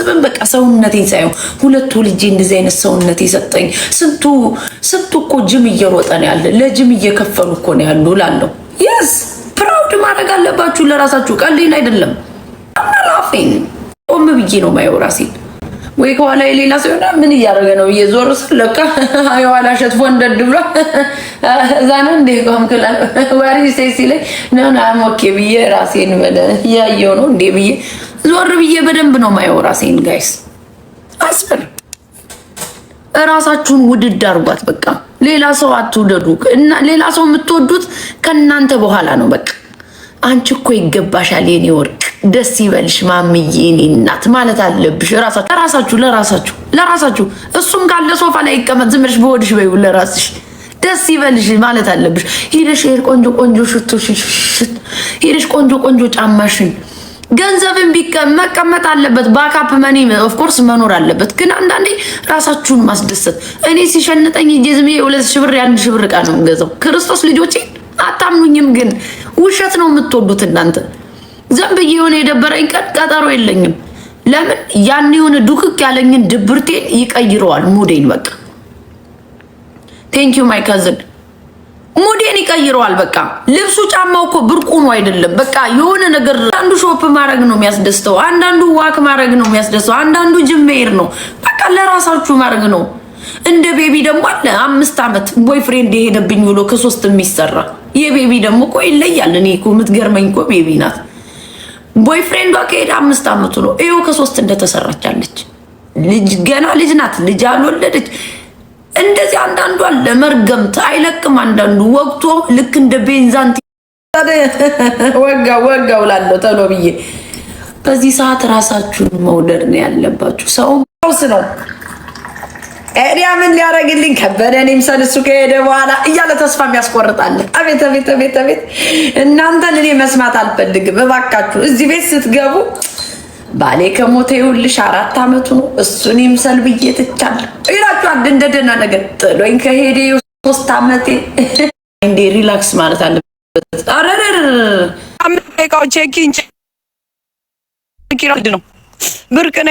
ሳላስብም በቃ ሰውነቴ ሳይሆን ሁለቱ ልጅ እንደዚህ አይነት ሰውነት የሰጠኝ ስንቱ ስንቱ እኮ ጅም እየሮጠ ነው ያለ ለጅም እየከፈሉ እኮ ነው ያሉ ላለው የስ ፕራውድ ማድረግ አለባችሁ ለራሳችሁ ቀሌን አይደለም ራፌን ቆም ብዬ ነው ማየው ራሴን ወይ ከኋላ የሌላ ሰው ይሆናል። ምን እያደረገ ነው ብዬ ዞር ስል ለካ የኋላ ሸትፎ እንደድ ብሏል። እዛነ እንደ ኮምክላ ዋሪ ሴሲ ላይ ነሆነ አሞኬ ብዬ ራሴን እያየሁ ነው እንዴ ብዬ ዞር ብዬ በደንብ ነው ማየው ራሴን። ጋይስ አስር እራሳችሁን ውድድ አርጓት። በቃ ሌላ ሰው አትውደዱ እና ሌላ ሰው የምትወዱት ከእናንተ በኋላ ነው። በቃ አንቺ እኮ ይገባሻል የኔ ወርቅ፣ ደስ ይበልሽ ማምዬ፣ የኔ እናት ማለት አለብሽ። ራሳችሁ ለራሳችሁ ለራሳችሁ እሱም ካለ ሶፋ ላይ ይቀመጥ፣ ዝም ብለሽ በሆድሽ በይው ለራስሽ ደስ ይበልሽ ማለት አለብሽ። ሄደሽ ቆንጆ ቆንጆ ሽቶ ሄደሽ ቆንጆ ቆንጆ ጫማሽን ገንዘብን መቀመጥ አለበት። ባካፕ መኒ ኦፍኮርስ መኖር አለበት። ግን አንዳንዴ ራሳችሁን ማስደሰት እኔ ሲሸንጠኝ እጄ ዝም ብዬ ሁለት ሺህ ብር የአንድ ሺህ ብር ዕቃ ነው የምገዛው። ክርስቶስ ልጆቼ አታምኑኝም፣ ግን ውሸት ነው የምትወዱት እናንተ። ዘንብዬ ብዬ የሆነ የደበረኝ ቀን ቀጠሮ የለኝም። ለምን ያን የሆነ ዱክክ ያለኝን ድብርቴን ይቀይረዋል ሙዴን። በቃ ቴንኪዩ ማይ ከዝን ሞዴን ይቀይረዋል። በቃ ልብሱ ጫማው እኮ ብርቁ ነው አይደለም። በቃ የሆነ ነገር አንዱ ሾፕ ማድረግ ነው የሚያስደስተው፣ አንዳንዱ ዋክ ማድረግ ነው የሚያስደስተው፣ አንዳንዱ ጅም መሄድ ነው። በቃ ለራሳችሁ ማድረግ ነው። እንደ ቤቢ ደግሞ አለ አምስት ዓመት ቦይፍሬንድ የሄደብኝ ብሎ ከሶስት የሚሰራ የቤቢ ደግሞ እኮ ይለያል። እኔ እኮ የምትገርመኝ እኮ ቤቢ ናት። ቦይፍሬንዷ ከሄደ አምስት ዓመቱ ነው። ይኸው ከሶስት እንደተሰራች አለች። ልጅ ገና ልጅ ናት። ልጅ አልወለደች። እንደዚህ አንዳንዱ ለመርገምት አይለቅም። አንዳንዱ ወቅቶ ልክ እንደ ቤንዛንት ወጋ ወጋ ውላለሁ ተሎ ብዬ። በዚህ ሰዓት ራሳችሁን መውደድ ነው ያለባችሁ። ሰው ውስ ነው ኤሪያ ምን ሊያደርግልኝ ከበደ እኔም ሰልሱ ከሄደ በኋላ እያለ ተስፋ ሚያስቆርጣለ አቤት አቤት አቤት አቤት! እናንተን እኔ መስማት አልፈልግም እባካችሁ። እዚህ ቤት ስትገቡ ባሌ ከሞተ ይኸውልሽ አራት ዓመቱ ነው። እሱን ይምሰል ብዬ ትቻለሁ ይላችኋል። እንደ ደህና ነገር ጥሎኝ ከሄደ ሶስት ዓመቴ። እንዴ ሪላክስ ማለት አለበት። አረረር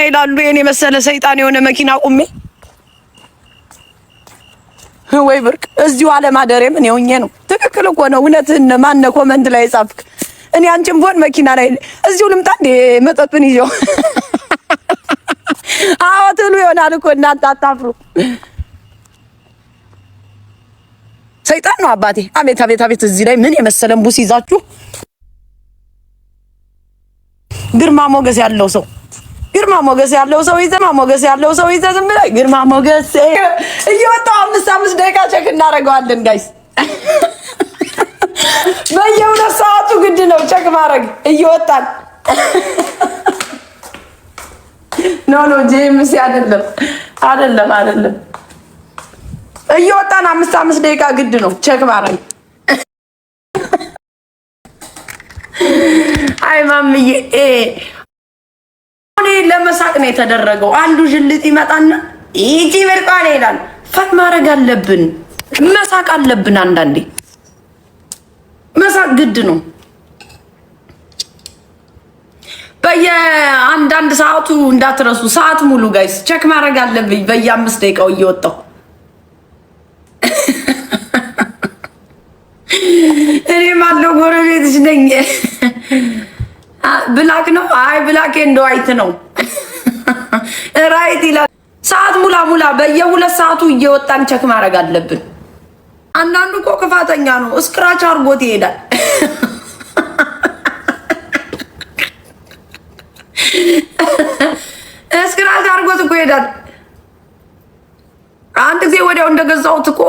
ይላሉ። መሰለ ሰይጣን የሆነ መኪና ቁሜ ወይ ብርቅ እዚሁ ምን ነው። ትክክል እኮ ነው። ላይ እኔ አንቺም ብሆን መኪና ላይ እዚሁ ልምጣ እንዴ መጠጡን ይዤው። አዎ ትሉ ይሆናል እኮ እናንተ አታፍሩ። ሰይጣን ነው አባቴ። አቤት አቤት አቤት! እዚህ ላይ ምን የመሰለን ቡስ ይዛችሁ ግርማ ሞገስ ያለው ሰው ግርማ ሞገስ ያለው ሰው ይዘህ ሞገስ ያለው ሰው ይዘህ ዝም ብለህ ግርማ ሞገስ እየወጣሁ አምስት አምስት ደቂቃ ቼክ እናደርገዋለን ጋይስ በየሁለት ሰዓቱ ግድ ነው ቸክ ማድረግ እየወጣን ኖ ኖ ጄምስ አይደለም አይደለም አይደለም እየወጣን አምስት አምስት ደቂቃ ግድ ነው ቸክ ማድረግ። አይ ማምዬ እኔ ለመሳቅ ነው የተደረገው። አንዱ ጅልጥ ይመጣና ይቺ ብርቋ ይላል። ፈት ማድረግ አለብን፣ መሳቅ አለብን አንዳንዴ መሳቅ ግድ ነው። በየአንዳንድ ሰዓቱ እንዳትረሱ። ሰዓት ሙሉ ጋይስ ቸክ ማድረግ አለብኝ። በየአምስት ደቂቃው እየወጣው እኔ ማለው ጎረቤትሽ ነኝ። ብላክ ነው። አይ ብላክ እንደ ዋይት ነው ራይት ይላል። ሰዓት ሙላ ሙላ በየሁለት ሰዓቱ እየወጣን ቸክ ማድረግ አለብን። አንዳንዱ እኮ ክፋተኛ ነው፣ እስክራች አርጎት ይሄዳል። እስክራች አርጎት እኮ ይሄዳል። አንድ ጊዜ ወዲያው እንደገዛሁት እኮ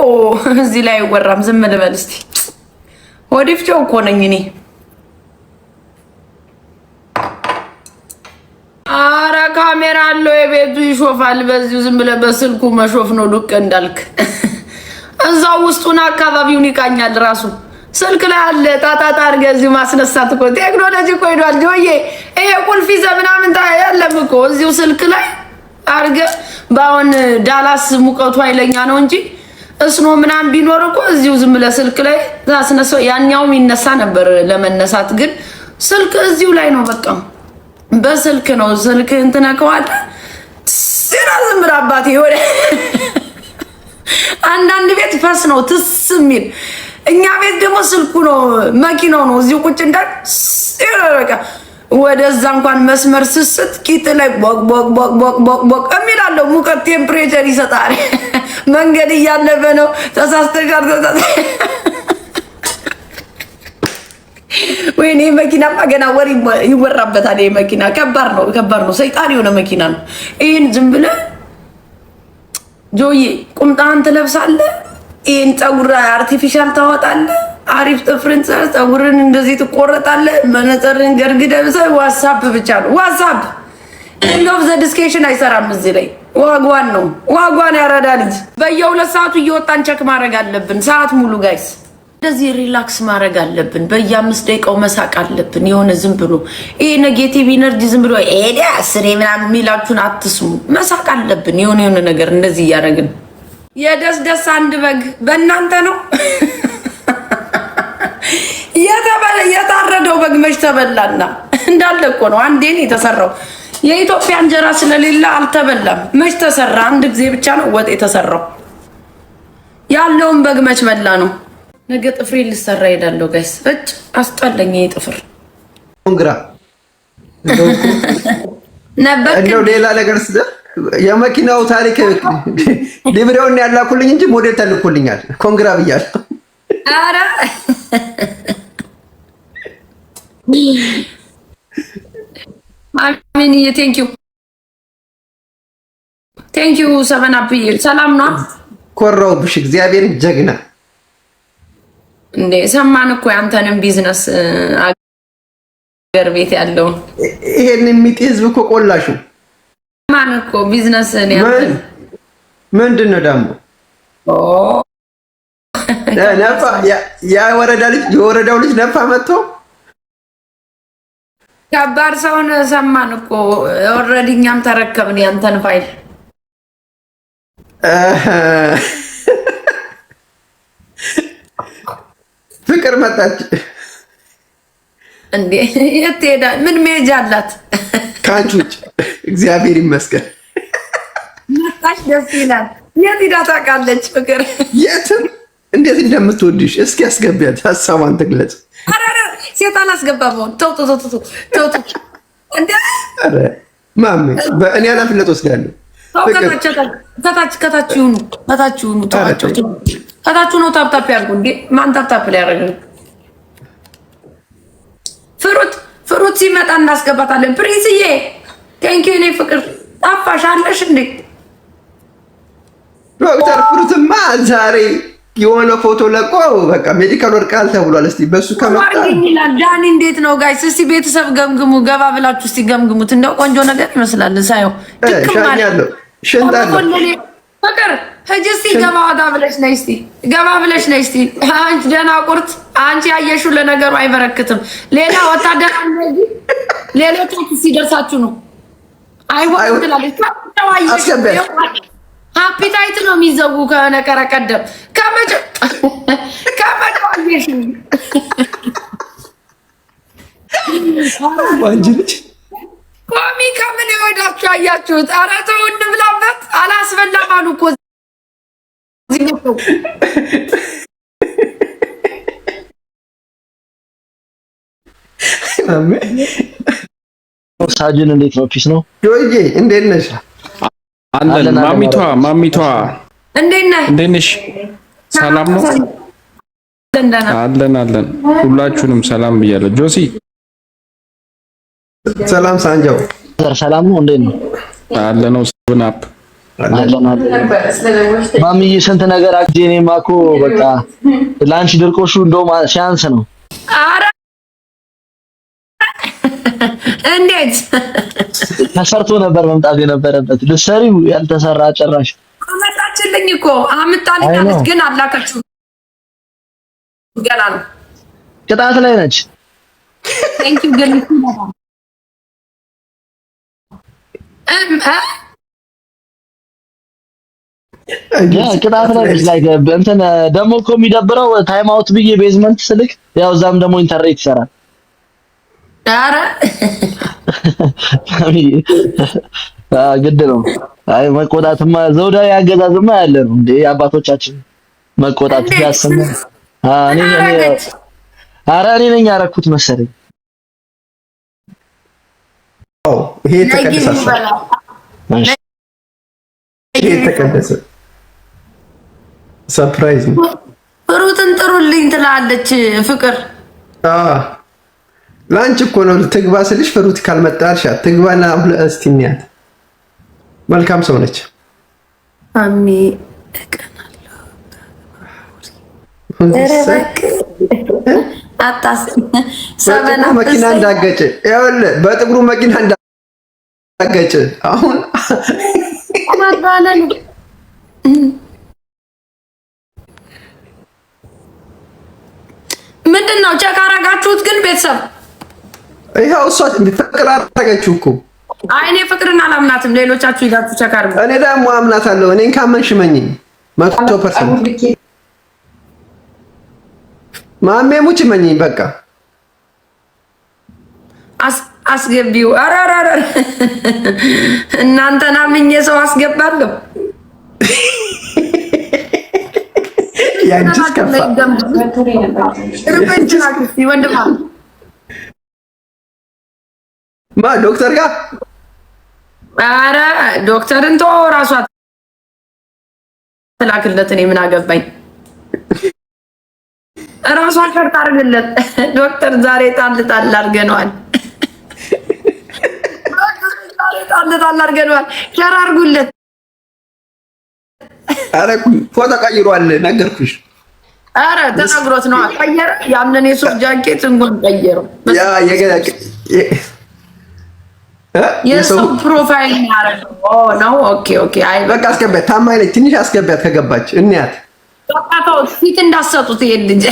እዚህ ላይ አይወራም። ዝም ልበል እስቲ። ወዲፍጮ እኮ ነኝ እኔ። አረ ካሜራ አለው የቤቱ ይሾፋል። በዚሁ ዝም ብለህ በስልኩ መሾፍ ነው ዱቅ እንዳልክ እዛው ውስጡን አካባቢውን ይቃኛል ራሱ ስልክ ላይ አለ ጣጣጣ አድርገህ እዚህ ማስነሳት እኮ ቴክኖሎጂ እኮ ሄዷል። ጆዬ ይሄ ቁልፍ ይዘህ ምናምን ያለም እኮ እዚሁ ስልክ ላይ አድርገህ በአሁን ዳላስ ሙቀቱ ኃይለኛ ነው እንጂ እስኖ ምናምን ቢኖር እኮ እዚሁ ዝም ብለህ ስልክ ላይ ታስነሳው። ያኛውም ይነሳ ነበር ለመነሳት ግን ስልክ እዚሁ ላይ ነው። በቃ በስልክ ነው። ስልክ እንትነከዋለህ ሲራ ዝም ብለህ አባቴ ይሆናል አንዳንድ ቤት ፈስ ነው ትስ የሚል እኛ ቤት ደግሞ ስልኩ ነው መኪናው ነው እዚሁ ቁጭ እንዳል ወደዛ እንኳን መስመር ስስት ቂጥ ላይ ቦቅ ቦቅ ቦቅ ቦቅ ቦቅ ቦቅ እሚላለው ሙቀት ቴምፕሬቸር ይሰጣል። መንገድ እያለፈ ነው ተሳስተሻል። ወይኔ መኪናማ ገና ወሬ ይወራበታል። መኪና ከባድ ነው፣ ከባድ ነው። ሰይጣን የሆነ መኪና ነው። ይህን ዝም ብለህ ጆዬ ቁምጣን ትለብሳለህ፣ ይህን ፀጉር አርቲፊሻል ታወጣለህ፣ አሪፍ ጥፍርን ፀጉርን እንደዚህ ትቆረጣለህ፣ ገርግ ደብሰ ዋትሳፕ ብቻ ነው ዋትሳፕ ኦፍ ዘ አይሰራም። እዚህ ላይ ዋጓን ነው ዋጓን ያረዳ ልጅ በየሁለት ሰዓቱ እየወጣን ቸክ ማድረግ አለብን። ሰዓት ሙሉ ጋይስ እንደዚህ ሪላክስ ማድረግ አለብን። በየአምስት ደቂቃው መሳቅ አለብን። የሆነ ዝም ብሎ ይህ ኔጌቲቭ ኢነርጂ ዝም ብሎ ሄደ ስሬ ምናምን የሚላችሁን አትስሙ። መሳቅ አለብን። የሆነ የሆነ ነገር እንደዚህ እያደረግን የደስ ደስ አንድ በግ በእናንተ ነው የታረደው በግ መች ተበላና እንዳለ እኮ ነው። አንዴን የተሰራው የኢትዮጵያ እንጀራ ስለሌለ አልተበላም። መች ተሰራ? አንድ ጊዜ ብቻ ነው ወጥ የተሰራው። ያለውን በግ መች በላ ነው። ነገ ጥፍሬ ልሰራ ሄዳለሁ። ጋይስ እጭ አስጣለኝ። ጥፍር ግራ እንደው ሌላ ነገር ስለ የመኪናው ታሪክ ሊብሬውን ያላኩልኝ እንጂ ሞዴል ተልኩልኛል። ኮንግራ ብያለሁ። ኧረ አሚንዬ ቴንኪው ቴንኪው። ሰበን አፕ ሰላም ነው። ኮራውብሽ። እግዚአብሔር ጀግና እንዴ ሰማን እኮ ያንተንም ቢዝነስ አገር ቤት ያለው ይሄን የሚጤ ህዝብ እኮ ቆላሹ ሰማን እኮ ቢዝነስ ምንድን ነው ደግሞ የወረዳ ልጅ የወረዳው ልጅ ነፋ መጥቶ ከባድ ሰውን ሰማን እኮ ኦልሬዲ እኛም ተረከብን ያንተን ፋይል ፍቅር መጣች እንዴ? የት ሄዳ? ምን መሄጃ አላት ከአንቺ ውጭ? እግዚአብሔር ይመስገን መጣች። ደስ ይላል። የት ሄዳ ታውቃለች? ፍቅር የትም እንዴት እንደምትወድሽ እስኪ ያስገቢያት፣ ሀሳቧን ትግለጽ። ሴት አላስገባበውን ተውጡ ተውጡ ተውጡ። ማሜ በእኔ ኃላፊነት ወስዳለሁ። ከታች ከታች ይሁኑ ከታች ይሁኑ ተዋቸው። እታችሁ ነው ታፕታፕ ያርጉ እንዴ! ማን ታፕታፕ ላይ ፍሩት ፍሩት ሲመጣ እናስገባታለን። ፕሪንስዬ ቴንኪው ኔ ፍቅር ጣፋሽ አለሽ እንዴ ዶክተር ፍሩትማ ዛሬ የሆነ ፎቶ ለቆ በቃ ሜዲካል ወድቃል ተብሏል። እስቲ በሱ ከመጣ ዳኒ እንዴት ነው ጋይስ? እስቲ ቤተሰብ ገምግሙ፣ ገባ ብላችሁ እስቲ ገምግሙት። እንደው ቆንጆ ነገር ይመስላል ሳየው። ትክክል ማለት ነው። ሽንጣ ፍቅር ህጅ እስቲ ገባ ወጣ ብለሽ ነይ እስቲ ገባ ብለሽ ነይ እስቲ። አንቺ ደናቁርት፣ አንቺ ያየሽው ለነገሩ አይበረክትም። ሌላ ወታደር ሌላ ታክሲ ሲደርሳችሁ ነው አይሆንም ትላለች። ሀፒታይት ነው የሚዘጉ ከነቀረ ቀደም ከመጀ አየሽ አንቺ ልጅ ኮሚ ከምን ይወዳችሁ አያችሁት? ኧረ ተው እንብላበት። አላስፈላም አሉ እኮ ሳጅን እንዴት ነው? ፒስ ነው። ጆይዬ እንዴት ነሽ? አለን። ማሚቷ ማሚቷ እንዴት ነሽ? እንዴት ነሽ? ሰላም ነው። አለን አለን። ሁላችሁንም ሰላም ብያለሁ። ጆሲ ሰላም። ሳንጃው ሰላም ነው። እንዴት ነው? አለ ነው። ሰብን አፕ ማሚዬ ስንት ነገር አቅጄ እኔማ እኮ በቃ ለአንቺ ድርቆሹ እንደውም ሲያንስ ነው። ኧረ እንዴት ተሰርቶ ነበር መምጣት የነበረበት ልትሰሪው ያልተሰራ ጭራሽ አመጣችልኝ እኮ አምጣልኝ፣ ግን አላከችው። ገና ነው ቅጣት ላይ ነች። ቴንኪው ግን ቅጣት ነች ላይ እንትን ደግሞ እኮ የሚደብረው ታይም አውት ብዬ ቤዝመንት ስልክ ያው እዛም ደግሞ ኢንተርኔት ይሰራል። ኧረ ግድ ነው። አይ መቆጣትማ ዘውዳዊ አገዛዝማ ያለ ነው እንዴ አባቶቻችን መቆጣት ያሰሙ። እኔ ኧረ እኔ ነኝ ያረኩት መሰለኝ። ይሄ ተቀደሰ ይሄ ተቀደሰ ሰርፕራይዝ ሩትን ጥሩልኝ ትላለች ፍቅር። ለአንቺ እኮ ነው ትግባ ስልሽ ፍሩት ካልመጣልሻ አልሻት። ትግባና እስቲ እንያት። መልካም ሰው ነች። አሚ መኪና እንዳገጭ ይኸውልህ፣ በጥቁሩ መኪና እንዳገጭ አሁን ምንድን ነው ቼክ አረጋችሁት ግን ቤተሰብ? ይኸው እሷ ፍቅር አረገችው እኮ። አይ እኔ ፍቅርን አላምናትም። ሌሎቻችሁ ይጋችሁ ቼክ አርጉ። እኔ ደግሞ አምናታለሁ። እኔን ካመን ሽመኝ መቶ ፐርሰንት ማሜ ሙች መኝኝ በቃ አስገቢው። አራራራ እናንተና ምኜ ሰው አስገባለሁ ያንቺስ ከፋ። ማን ዶክተር ጋር? ኧረ ዶክተር እንቶ ራሷ ትላክለት። እኔ ምን አገባኝ? ራሷን ሸርት አድርግለት። ዶክተር ዛሬ ጣል ጣል አድርገነዋል። ጣል ጣል አድርገነዋል። ሸር አድርጉለት። ፎቶ ቀይሯል ነገርኩሽ። አረ ተናግሮት ነው ቀየረ። ያንን የሱፍ ጃኬት እንኳን ቀየረው። የሰው ፕሮፋይል ነው። ኦኬ ኦኬ። አይ በቃ አስገቢያት፣ ታማኝ ነች። ትንሽ አስገቢያት ከገባች እንያት። ፊት እንዳሰጡት ይልጅ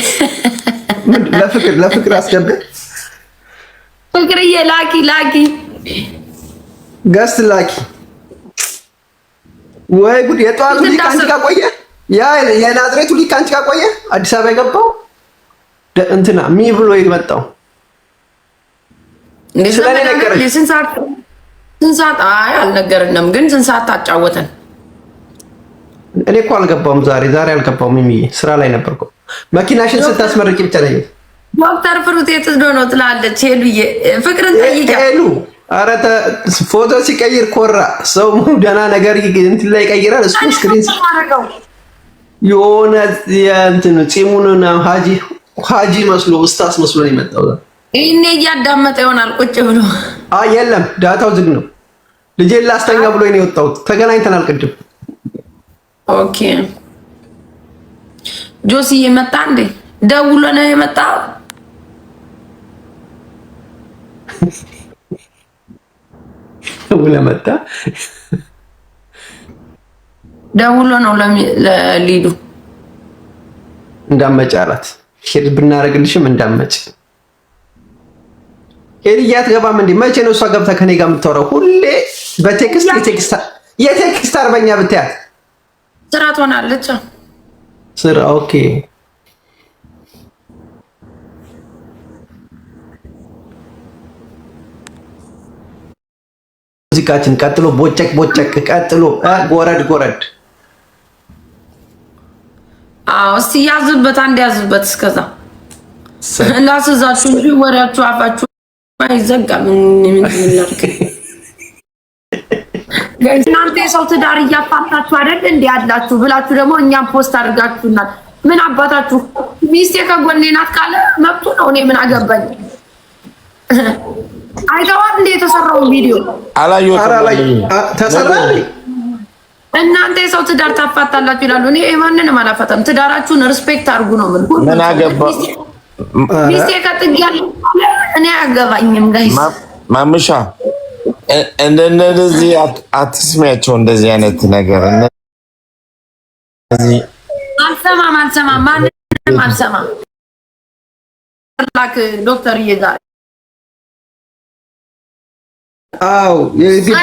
ለፍቅር ለፍቅር አስገቢያት። ፍቅርዬ ላኪ ላኪ ገስት ላኪ ወይ ጉድ! የጠዋቱ ሊቅ አንቺ ጋር ቆየ። ያ የናዝሬቱ ሊቅ አንቺ ጋር ቆየ። አዲስ አበባ የገባው እንትና ሚ ብሎ የመጣው ስንት ሰዓት? አይ አልነገርንም፣ ግን ስንት ሰዓት ታጫወተን? እኔ እኮ አልገባውም። ዛሬ ዛሬ አልገባውም። ሚሚዬ ስራ ላይ ነበርኩ። መኪናሽን ስታስመርቂ ብቻ ነኝ። ዶክተር ፍሩት የት ሄዶ ነው ትላለች ሄሉዬ። ፍቅርን ጠይቂያት ሄሉ አረ ፎቶ ሲቀይር ኮራ ሰው ደህና ነገር እንትን ላይ ይቀይራል። እሱ ስክሪን የሆነ እንትን ፂሙን ሀጂ ሀጂ መስሎ ኡስታዝ መስሎ ነው የመጣው። ይሄኔ እያዳመጠ ይሆናል ቁጭ ብሎ። አይ የለም ዳታው ዝግ ነው። ልጄን ላስተኛ ብሎ ነው የወጣሁት። ተገናኝተናል ቅድም። ኦኬ ጆሲ የመጣ እንዴ? ደውሎ ነው የመጣው ደውለህ መጣ ደውሎ ነው ለሊዱ እንዳመጭ አላት። ሄድ ብናደርግልሽም እንዳመጭ ሄድ እያትገባም እንዴ? መቼ ነው እሷ ገብታ ከኔ ጋር የምታወራው? ሁሌ በቴክስት የቴክስት የቴክስት አርበኛ ብታያት ስራ ትሆናለች። ስራ ኦኬ ሙዚቃችን ቀጥሎ ቦጨቅ ቦጨቅ ቀጥሎ ጎረድ ጎረድ። አዎ እስቲ ያዝበት፣ አንድ ያዝበት። እስከዛ ላስዛችሁ እንጂ ወሬያችሁ አፋችሁ አይዘጋም። ምን ምላርክ እናንተ የሰው ትዳር እያፋታችሁ አይደል እንዴ ያላችሁ ብላችሁ ደግሞ እኛም ፖስት አድርጋችሁናል። ምን አባታችሁ ሚስቴ ከጎኔ ናት ካለ መብቱ ነው። እኔ ምን አገባኝ? አይገባም እንዴ? የተሰራውን ቪዲዮ አላየሁትም። እናንተ የሰው ትዳር ታፋታላችሁ ይላሉ። እኔ ማንንም አላፋታም። ትዳራችሁን ሪስፔክት አድርጉ ነው ምን ምን አገባ ሚስቴ ከጥግ እኔ አያገባኝም። ጋይስ ማምሻ እንደነዚህ አትስሚያቸው። እንደዚህ አይነት ነገር እነዚህ አልሰማም አልሰማም ማንንም አልሰማም። ዶክተር እየዛሬ Au, e bine.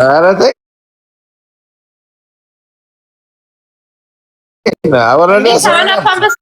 Ahora no, ahora no.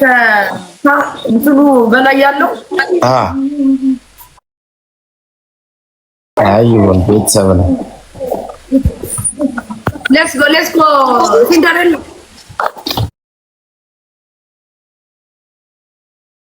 ከእንትኑ በላይ ያለው አይ ቤተሰብ ነው። ሌትስ ጎ ሌትስ ጎ